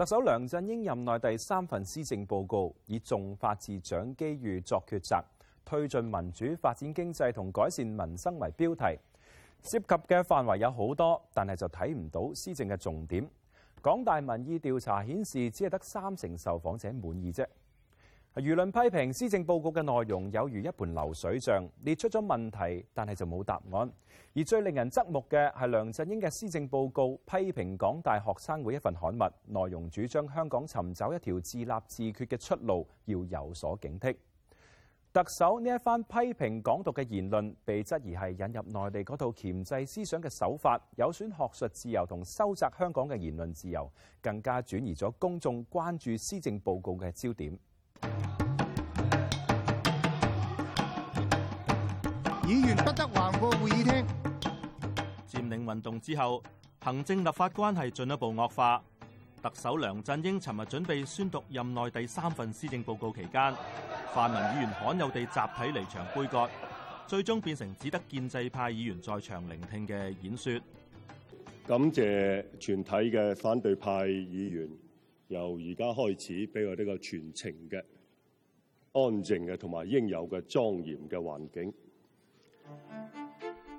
特首梁振英任內第三份施政報告以重法治、掌機遇作抉擇，推進民主、發展經濟同改善民生為標題，涉及嘅範圍有好多，但係就睇唔到施政嘅重點。港大民意調查顯示，只係得三成受訪者滿意啫。輿論批評施政報告嘅內容有如一盤流水賬列出咗問題，但係就冇答案。而最令人側目嘅係梁振英嘅施政報告，批評港大學生會一份刊物內容，主張香港尋找一條自立自決嘅出路，要有所警惕。特首呢一番批評港獨嘅言論被質疑係引入內地嗰套鉗制思想嘅手法，有損學術自由同收窄香港嘅言論自由，更加轉移咗公眾關注施政報告嘅焦點。議員不得橫過會議廳。佔領運動之後，行政立法關係進一步惡化。特首梁振英尋日準備宣讀任內第三份施政報告期間，泛民議員罕有地集體離場杯葛，最終變成只得建制派議員在場聆聽嘅演說。感謝全體嘅反對派議員。由而家開始，俾我呢個全程嘅安靜嘅，同埋應有嘅莊嚴嘅環境。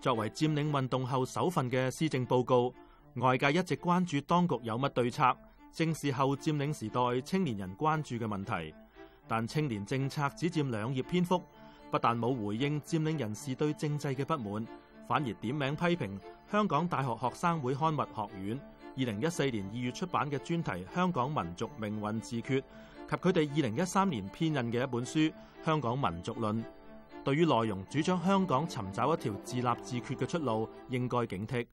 作為佔領運動後首份嘅施政報告，外界一直關注當局有乜對策，正視後佔領時代青年人關注嘅問題。但青年政策只佔兩頁篇幅，不但冇回應佔領人士對政制嘅不滿，反而點名批評香港大學學生會刊物《學苑》。二零一四年二月出版嘅專題《香港民族命運自決》及佢哋二零一三年編印嘅一本書《香港民族論》，對於內容主張香港尋找一條自立自決嘅出路，應該警惕。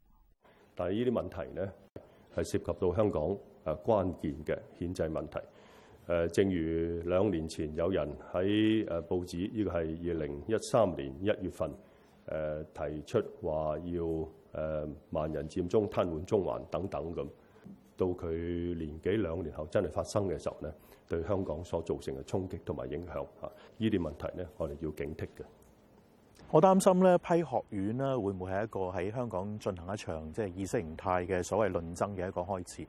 但係呢啲問題呢，係涉及到香港誒關鍵嘅憲制問題。誒，正如兩年前有人喺誒報紙，呢個係二零一三年一月份誒提出話要。誒、啊、萬人佔中、癱瘓中環等等咁，到佢年幾兩年後真係發生嘅時候咧，對香港所造成嘅衝擊同埋影響，嚇呢啲問題咧，我哋要警惕嘅。我擔心咧，批學院咧，會唔會係一個喺香港進行一場即係意識形態嘅所謂論爭嘅一個開始？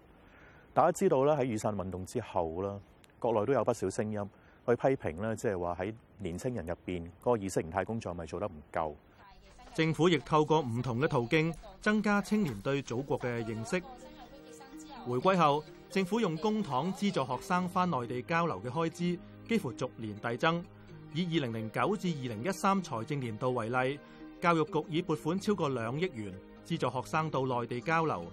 大家知道咧，喺雨傘運動之後啦，國內都有不少聲音去批評咧，即係話喺年輕人入邊嗰、那個意識形態工作咪做得唔夠。政府亦透過唔同嘅途徑，增加青年對祖國嘅認識。回歸後，政府用公帑資助學生返內地交流嘅開支，幾乎逐年遞增。以二零零九至二零一三財政年度為例，教育局已撥款超過兩億元資助學生到內地交流。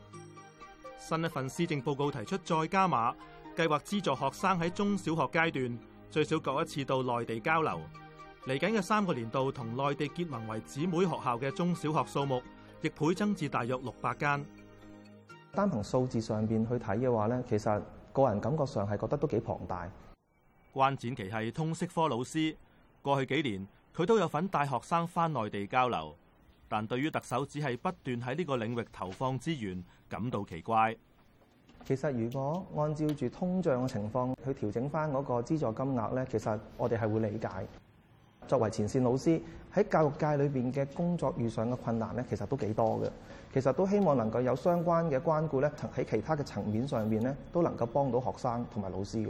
新一份施政報告提出再加碼，計劃資助學生喺中小學階段最少各一次到內地交流。嚟緊嘅三個年度，同內地結盟為姊妹學校嘅中小學數目，亦倍增至大約六百間。單憑數字上面去睇嘅話咧，其實個人感覺上係覺得都幾龐大。關展期係通識科老師，過去幾年佢都有份帶學生翻內地交流，但對於特首只係不斷喺呢個領域投放資源，感到奇怪。其實，如果按照住通脹嘅情況去調整翻嗰個資助金額咧，其實我哋係會理解。作為前線老師喺教育界裏邊嘅工作遇上嘅困難咧，其實都幾多嘅。其實都希望能夠有相關嘅關顧咧，喺其他嘅層面上面咧，都能夠幫到學生同埋老師嘅。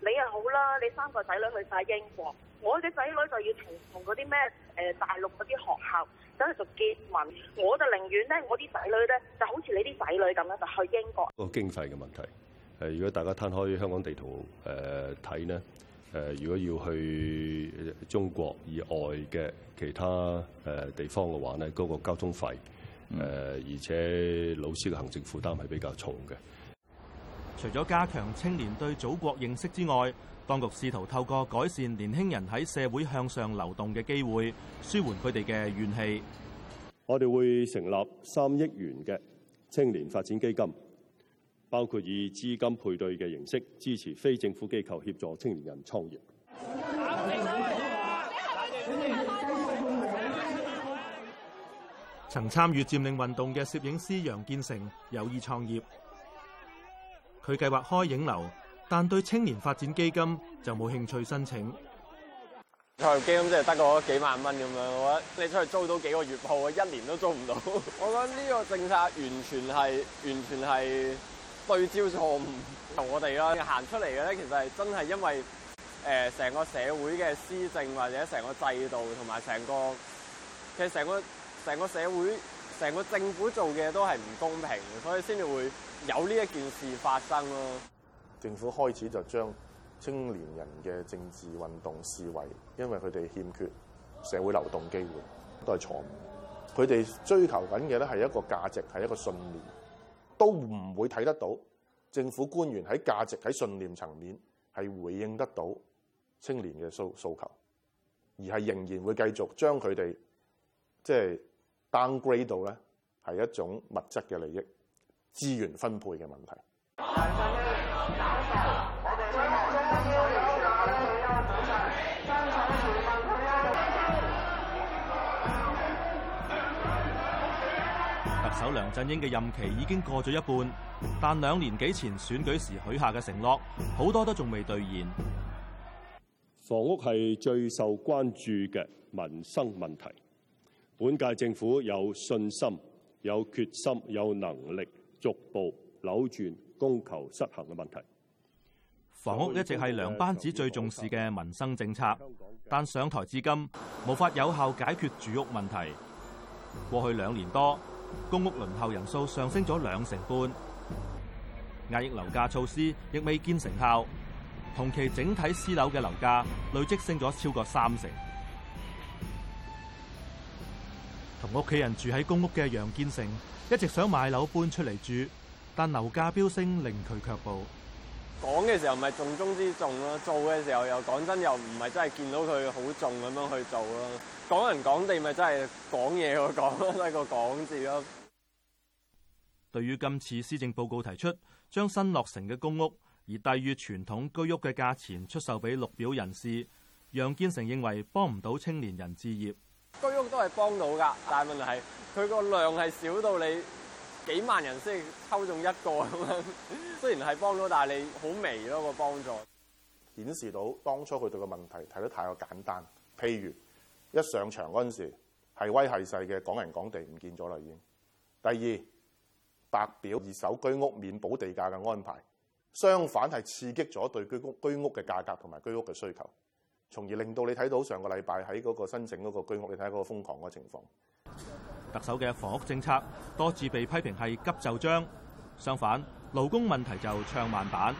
你又好啦，你三個仔女去晒英國，我嘅仔女就要同同嗰啲咩誒大陸嗰啲學校，走去做結盟。我就寧願咧，我啲仔女咧就好似你啲仔女咁樣，就去英國。個經濟嘅問題，誒如果大家攤開香港地圖誒睇咧。呃看呢誒，如果要去中國以外嘅其他誒地方嘅話咧，嗰個交通費誒，而且老師嘅行政負擔係比較重嘅。嗯、除咗加強青年對祖國認識之外，當局試圖透過改善年輕人喺社會向上流動嘅機會，舒緩佢哋嘅怨氣。我哋會成立三億元嘅青年發展基金。包括以資金配對嘅形式支持非政府機構協助青年人創業。曾參與佔領運動嘅攝影師楊建成有意創業，佢計劃開影樓，但對青年發展基金就冇興趣申請。創業基金即係得個幾萬蚊咁樣，我覺得你出去租到幾個月鋪，一年都租唔到。我覺得呢個政策完全係完全係對焦錯誤， 我哋啦，行出嚟嘅咧，其實係真係因為誒成個社會嘅施政或者成個制度同埋成個其實成個成個社會成個政府做嘅都係唔公平，所以先至會有呢一件事發生咯。政府開始就將青年人嘅政治運動視為因為佢哋欠缺社會流動機會，都係錯誤。佢哋追求緊嘅咧，係一個價值，係一個信念。都唔會睇得到政府官員喺價值，喺信念層面係回應得到青年嘅訴訴求，而係仍然會繼續將佢哋即係、就是、downgrade 到咧係一種物質嘅利益資源分配嘅問題。首梁振英嘅任期已經過咗一半，但兩年幾前選舉時許下嘅承諾，好多都仲未兌現。房屋係最受關注嘅民生問題，本屆政府有信心、有決心、有能力逐步扭轉供求失衡嘅問題。房屋一直係梁班子最重視嘅民生政策，但上台至今無法有效解決住屋問題。過去兩年多。公屋輪候人數上升咗兩成半，壓抑樓價措施亦未見成效。同期整體私樓嘅樓價累積升咗超過三成。同屋企人住喺公屋嘅楊建成一直想買樓搬出嚟住，但樓價飆升令佢卻步。講嘅時候咪重中之重咯、啊，做嘅時候又講真又唔係真係見到佢好重咁樣去做咯、啊。講人講地咪真係講嘢，我講都係個講字咯、啊。對於今次施政報告提出將新落成嘅公屋而低於傳統居屋嘅價錢出售俾綠表人士，楊建成認為幫唔到青年人置業。居屋都係幫到噶，但係問題係佢個量係少到你，幾萬人先抽中一個咁樣，雖然係幫咗，但係你好微咯個幫助。幫助顯示到當初佢對個問題睇得太過簡單。譬如一上場嗰陣時係威係勢嘅，港人港地唔見咗啦已經。第二，白表二手居屋免補地價嘅安排，相反係刺激咗對居屋居屋嘅價格同埋居屋嘅需求，從而令到你睇到上個禮拜喺嗰個申請嗰個居屋，你睇下嗰個瘋狂嘅情況。特首嘅房屋政策多次被批評係急就章，相反勞工問題就唱慢板。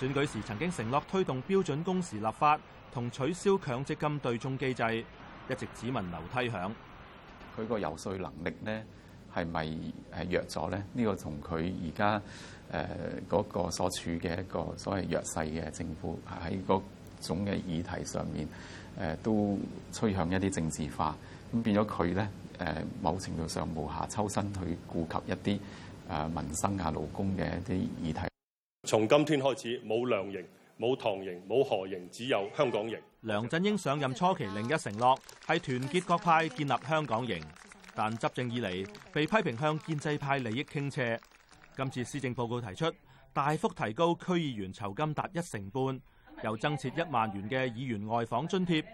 選舉時曾經承諾推動標準工時立法同取消強積金對沖機制，一直只聞樓梯響，佢個遊說能力咧係咪誒弱咗咧？呢個同佢而家誒嗰個所處嘅一個所謂弱勢嘅政府喺嗰種嘅議題上面誒都趨向一啲政治化咁，變咗佢咧。誒某程度上無暇抽身去顧及一啲誒，民生啊、勞工嘅一啲議題。從今天開始，冇梁營、冇唐營、冇何營，只有香港營。梁振英上任初期另一承諾，係團結各派建立香港營，但執政以嚟被批評向建制派利益傾斜。今次施政報告提出大幅提高區議員酬金達一成半，又增設一萬元嘅議員外訪津貼。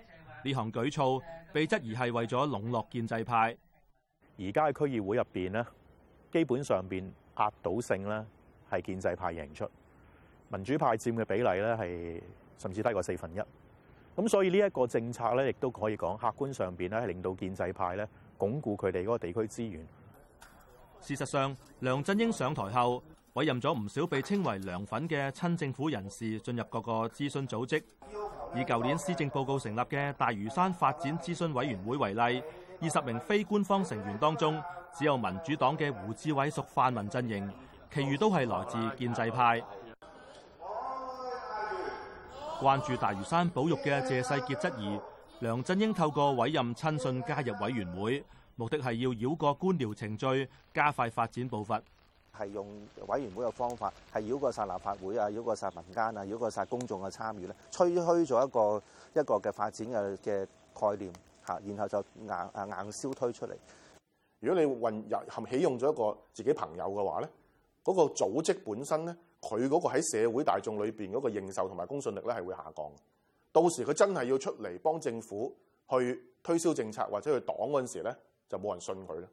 呢項舉措被質疑係為咗籠絡建制派。而家喺區議會入邊咧，基本上邊壓倒性咧係建制派贏出，民主派佔嘅比例咧係甚至低過四分一。咁所以呢一個政策咧，亦都可以講客觀上邊咧係令到建制派咧鞏固佢哋嗰個地區資源。事實上，梁振英上台後委任咗唔少被稱為梁粉嘅親政府人士進入各個諮詢組織。以舊年施政報告成立嘅大嶼山發展諮詢委員會為例，二十名非官方成員當中，只有民主黨嘅胡志偉屬泛民陣營，其餘都係來自建制派。關注大嶼山保育嘅謝世傑質疑，梁振英透過委任親信加入委員會，目的係要繞過官僚程序，加快發展步伐。係用委員會嘅方法，係繞過晒立法會啊，繞過晒民間啊，繞過晒公眾嘅參與咧，吹噓咗一個一個嘅發展嘅嘅概念嚇，然後就硬硬銷推出嚟。如果你混入含起用咗一個自己朋友嘅話咧，嗰個組織本身咧，佢嗰個喺社會大眾裏邊嗰個認受同埋公信力咧，係會下降。到時佢真係要出嚟幫政府去推銷政策或者去擋嗰陣時咧，就冇人信佢啦。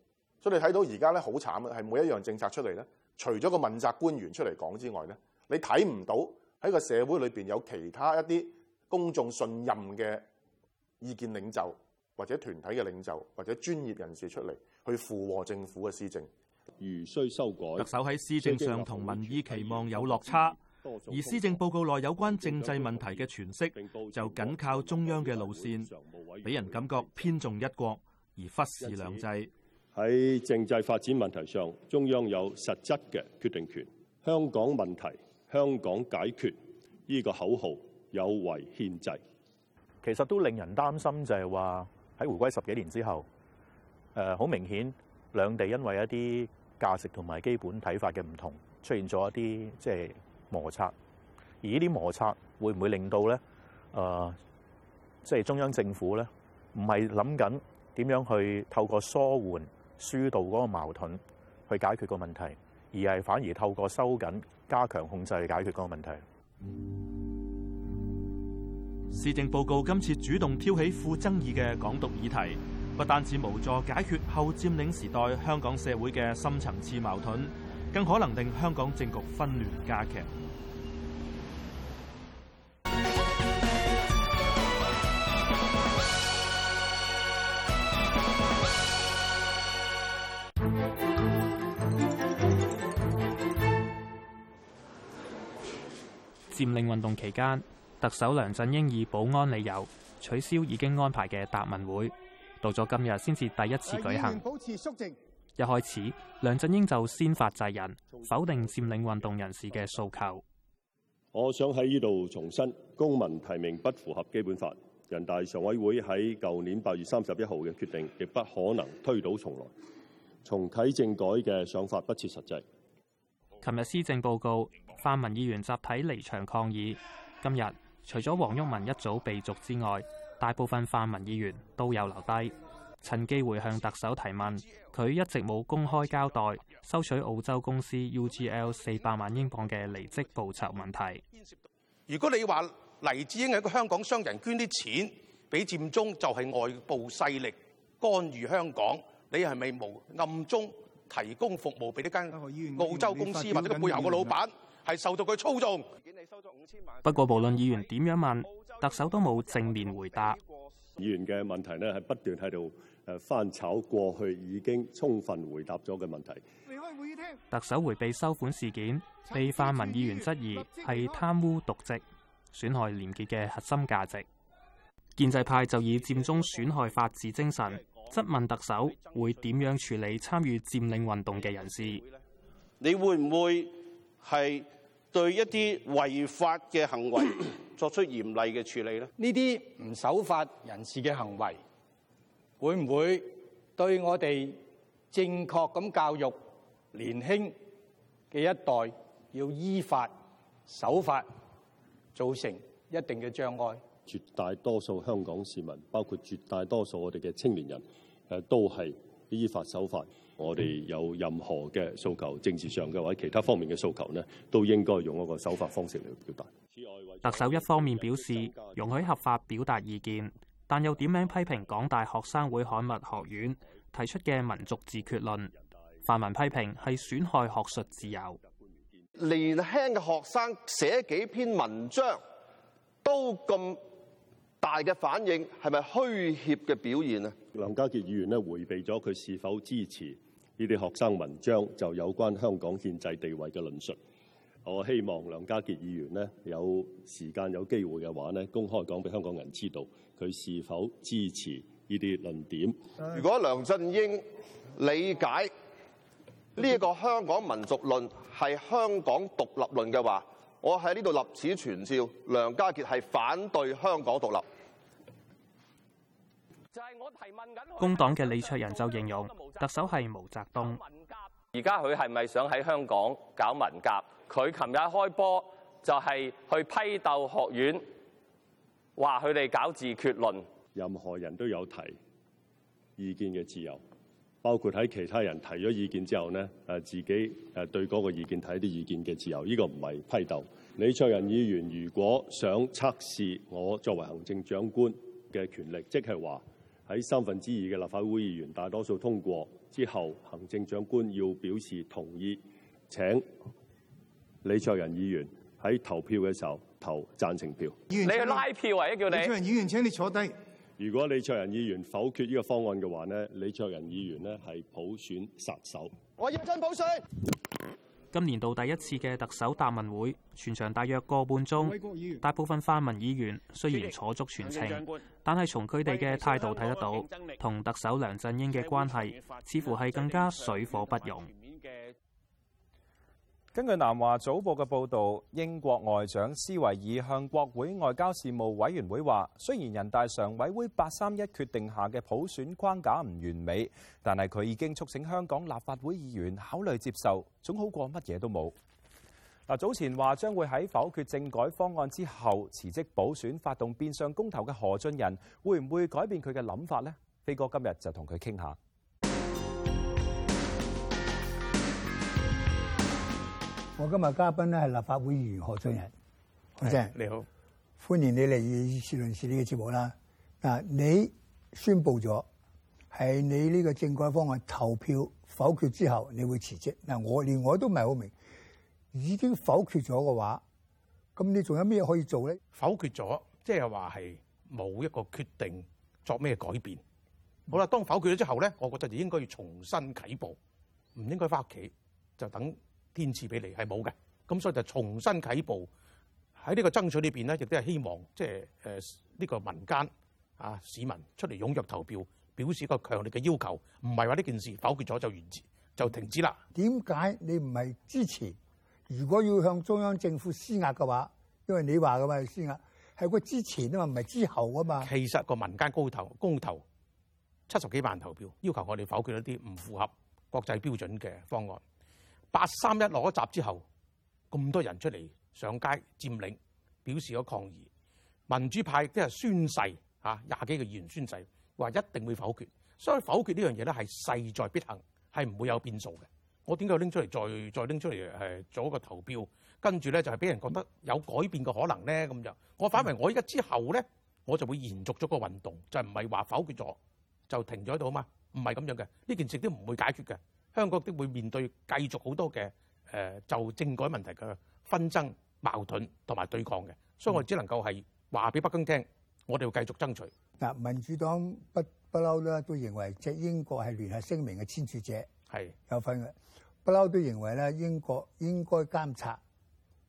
所以你睇到而家咧好慘啊！係每一樣政策出嚟咧，除咗個問責官員出嚟講之外咧，你睇唔到喺個社會裏邊有其他一啲公眾信任嘅意見領袖或者團體嘅領袖或者專業人士出嚟去附和政府嘅施政，如需修改。特首喺施政上同民意期望有落差，而施政報告內有關政制問題嘅詮釋就緊靠中央嘅路線，俾人感覺偏重一國而忽視兩制。喺政制發展問題上，中央有實質嘅決定權。香港問題、香港解決呢個口號有違憲制。其實都令人擔心就係，就係話喺回歸十幾年之後，誒好明顯，兩地因為一啲價值同埋基本睇法嘅唔同，出現咗一啲即係摩擦。而呢啲摩擦會唔會令到咧？誒、呃，即係中央政府咧，唔係諗緊點樣去透過疏緩疏導嗰個矛盾去解決個問題，而係反而透過收緊、加強控制去解決嗰個問題。施政報告今次主動挑起負爭議嘅港獨議題，不單止無助解決後佔領時代香港社會嘅深層次矛盾，更可能令香港政局紛亂加劇。佔領運動期間，特首梁振英以保安理由取消已經安排嘅答問會，到咗今日先至第一次舉行。保持肅靜。一開始，梁振英就先發制人，否定佔領運動人士嘅訴求。我想喺呢度重申，公民提名不符合基本法，人大常委會喺舊年八月三十一號嘅決定亦不可能推倒重來，重啟政改嘅想法不切實際。琴日施政報告。泛民議員集體離場抗議。今日除咗黃毓民一早被逐之外，大部分泛民議員都有留低，趁機會向特首提問。佢一直冇公開交代收取澳洲公司 UGL 四百萬英鎊嘅離職報酬問題。如果你話黎智英係個香港商人捐啲錢俾佔中，就係外部勢力干預香港，你係咪無暗中提供服務俾呢間澳洲公司或者背後個老闆？係受到佢操縱。不過，無論議員點樣問，特首都冇正面回答。議員嘅問題呢，係不斷喺度誒翻炒過去已經充分回答咗嘅問題。離開會議廳，特首迴避收款事件，被泛民議員質疑係貪污瀆職，損害廉潔嘅核心價值。建制派就以佔中損害法治精神，質問特首會點樣處理參與佔領運動嘅人士？你會唔會？係對一啲違法嘅行為作出嚴厲嘅處理咧？呢啲唔守法人士嘅行為，會唔會對我哋正確咁教育年輕嘅一代，要依法守法，造成一定嘅障礙？絕大多數香港市民，包括絕大多數我哋嘅青年人，誒都係，依法守法，我哋有任何嘅訴求，政治上嘅或者其他方面嘅訴求呢，都應該用一個守法方式嚟表達。特首一方面表示容許合法表達意見，但又點名批評港大學生會刊物學苑提出嘅民族自決論，泛民批評係損害學術自由。年輕嘅學生寫幾篇文章都咁大嘅反應係咪虛怯嘅表現啊？梁家傑議員咧，回避咗佢是否支持呢啲學生文章就有關香港憲制地位嘅論述。我希望梁家傑議員咧有時間有機會嘅話咧，公開講俾香港人知道佢是否支持呢啲論點。如果梁振英理解呢個香港民族論係香港獨立論嘅話，我喺呢度立此傳召，梁家傑係反對香港獨立。就係我提問緊工黨嘅李卓人就形容特首係毛澤東文革，而家佢係咪想喺香港搞文革？佢琴日開波就係去批鬥學院，話佢哋搞自決論，任何人都有提意見嘅自由。包括喺其他人提咗意見之後呢，呢誒自己誒對嗰個意見提啲意見嘅自由，呢、呢個唔係批鬥李卓人議員。如果想測試我作為行政長官嘅權力，即係話，喺三分之二嘅立法會議員大多數通過之後，行政長官要表示同意。請李卓人議員喺投票嘅時候投贊成票。你去拉票叫李卓人議員，請你坐低。如果李卓人議員否決呢個方案嘅話呢，李卓人議員咧係普選殺手。我要真普選。今年度第一次嘅特首答問會，全場大約個半鐘，大部分泛民議員雖然坐足全程，但係從佢哋嘅態度睇得到，同特首梁振英嘅關係似乎係更加水火不容。根據南華早報嘅報道，英國外長斯維爾向國會外交事務委員會話，雖然人大常委會八三一決定下嘅普選框架唔完美，但係佢已經促請香港立法會議員考慮接受，總好過乜嘢都冇。嗱，早前話將會喺否決政改方案之後辭職補選發動變相公投嘅何俊仁，會唔會改變佢嘅諗法呢？飛哥今日就同佢傾下。我今日嘉賓咧係立法會議員何俊仁，何生的的你好，歡迎你嚟議事論事呢個節目啦。嗱，你宣布咗係你呢個政改方案投票否決之後，你會辭職嗱？我連我都唔係好明，已經否決咗嘅話，咁你仲有咩可以做咧？否決咗，即係話係冇一個決定作咩改變。嗯、好啦，當否決咗之後咧，我覺得就應該要重新起步，唔應該返屋企就等。天賜俾你係冇嘅，咁所以就重新起步。喺呢個爭取裏邊咧，亦都係希望即係誒呢個民間啊，市民出嚟踴躍投票，表示個強烈嘅要求，唔係話呢件事否決咗就完結就停止啦。點解你唔係之前，如果要向中央政府施壓嘅話，因為你話㗎嘛，施壓係個之前啊嘛，唔係之後啊嘛。其實個民間高投公投七十幾萬投票，要求我哋否決一啲唔符合國際標準嘅方案。八三一落咗閘之後，咁多人出嚟上街佔領，表示咗抗議。民主派即係宣誓啊廿幾個議員宣誓，話一定會否決。所以否決呢樣嘢咧係勢在必行，係唔會有變數嘅。我點解拎出嚟再再拎出嚟做一個投票？跟住咧就係、是、俾人覺得有改變嘅可能咧咁就。我反為我而家之後咧，我就會延續咗個運動，就唔係話否決咗就停咗喺度啊嘛。唔係咁樣嘅，呢件事都唔會解決嘅。香港都會面對繼續好多嘅誒、呃、就政改問題嘅紛爭、矛盾同埋對抗嘅，所以我只能夠係話俾北京聽，我哋要繼續爭取。嗱、嗯，民主黨不不嬲啦，都認為即英國係聯合聲明嘅簽署者，係是有份嘅。不嬲都認為咧，英國應該監察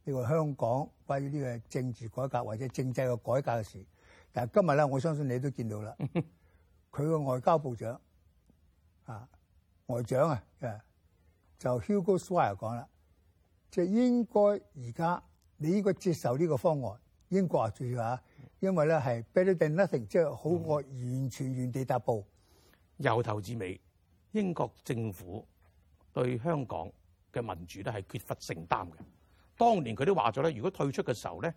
呢個香港關於呢個政治改革或者政制嘅改革嘅事。但今日咧，我相信你都見到啦，佢個 外交部長啊。外長啊，就 Hugo Swire 講啦，即、就、係、是、應該而家你應該接受呢個方案。英國要注意啊，因為咧係 better than nothing 即係好惡、嗯、完全原地踏步，由頭至尾，英國政府對香港嘅民主咧係缺乏承擔嘅。當年佢都話咗咧，如果退出嘅時候咧，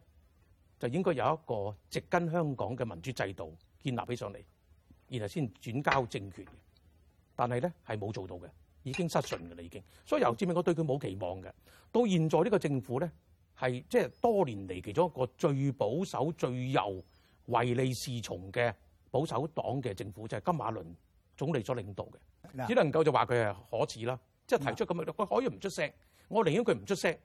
就應該有一個植根香港嘅民主制度建立起上嚟，然後先轉交政權。但係咧係冇做到嘅，已經失信㗎啦，已經。所以由佔明我對佢冇期望嘅。到現在呢個政府咧，係即係多年嚟其中一個最保守、最右、唯利是從嘅保守黨嘅政府，就係、是、金馬倫總理所領導嘅。呢只能夠就話佢係可恥啦，即係提出咁嘅。佢可以唔出聲。我寧願佢唔出聲，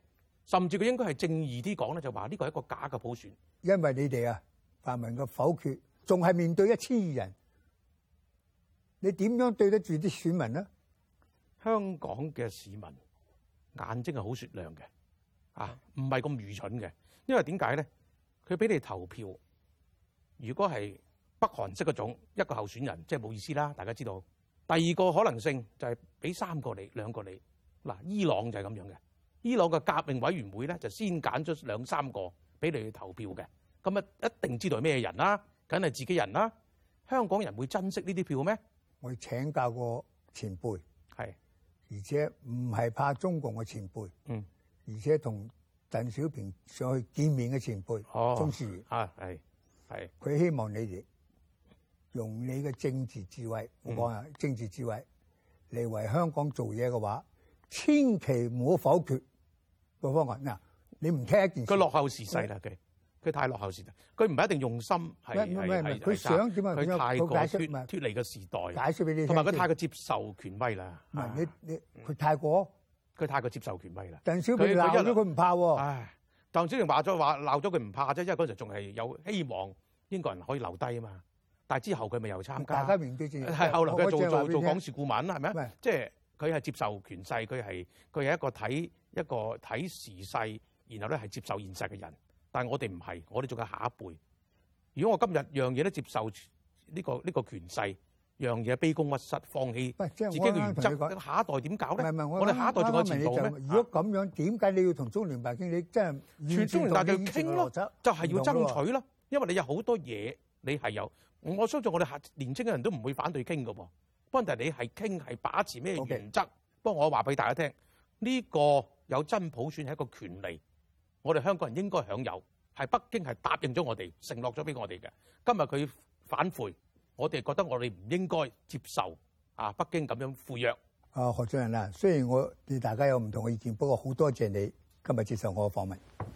甚至佢應該係正義啲講咧，就話呢個係一個假嘅普選。因為你哋啊，泛民嘅否決，仲係面對一千二人。你點樣對得住啲選民咧？香港嘅市民眼睛係好雪亮嘅啊，唔係咁愚蠢嘅。因為點解咧？佢俾你投票，如果係北韓式嗰種一個候選人，即係冇意思啦。大家知道第二個可能性就係俾三個你兩個你嗱、啊，伊朗就係咁樣嘅。伊朗嘅革命委員會咧就先揀咗兩三個俾你去投票嘅，咁啊一定知道係咩人啦、啊，梗係自己人啦、啊。香港人會珍惜呢啲票咩？我請教個前輩，係是，而且唔係怕中共嘅前輩，嗯，而且同鄧小平上去見面嘅前輩，鍾士元啊，係，係，佢希望你哋用你嘅政治智慧，我講下、嗯、政治智慧嚟為香港做嘢嘅話，千祈唔好否決個方案。嗱，你唔聽一件，佢落後時勢啦，佢是。佢太落後時代，佢唔一定用心係佢想點啊？佢太過脱脱離個時代，解釋俾你聽同埋佢太過接受權威啦。你你佢太過佢太過接受權威啦。鄧小平鬧咗佢唔怕喎。唉，鄧小平話咗話鬧咗佢唔怕啫，因為嗰時仲係有希望英國人可以留低啊嘛。但係之後佢咪又參加？大家明瞭。係後來佢做做做港事顧問啦，係咪？即係佢係接受權勢，佢係佢係一個睇一個睇時勢，然後咧係接受現實嘅人。但係我哋唔係，我哋仲係下一輩。如果我今日樣嘢都接受呢、呢個呢、呢個權勢，樣嘢卑躬屈膝放棄自己嘅原則，剛剛下一代點搞咧？我哋下一代仲有前途咩？剛剛如果咁樣，點解、啊、你要同中聯辦傾？你真係同中聯辦傾咯，就係、是、要爭取咯。因為你有好多嘢，你係有。我相信我哋下年青嘅人都唔會反對傾㗎喎。問題係你係傾係把持咩原則？Okay. 不過我話俾大家聽，呢、呢個有真普選係一個權利。我哋香港人應該享有，係北京係答應咗我哋，承諾咗俾我哋嘅。今日佢反悔，我哋覺得我哋唔應該接受啊！北京咁樣負約啊，何俊仁啊，雖然我對大家有唔同嘅意見，不過好多謝你今日接受我嘅訪問。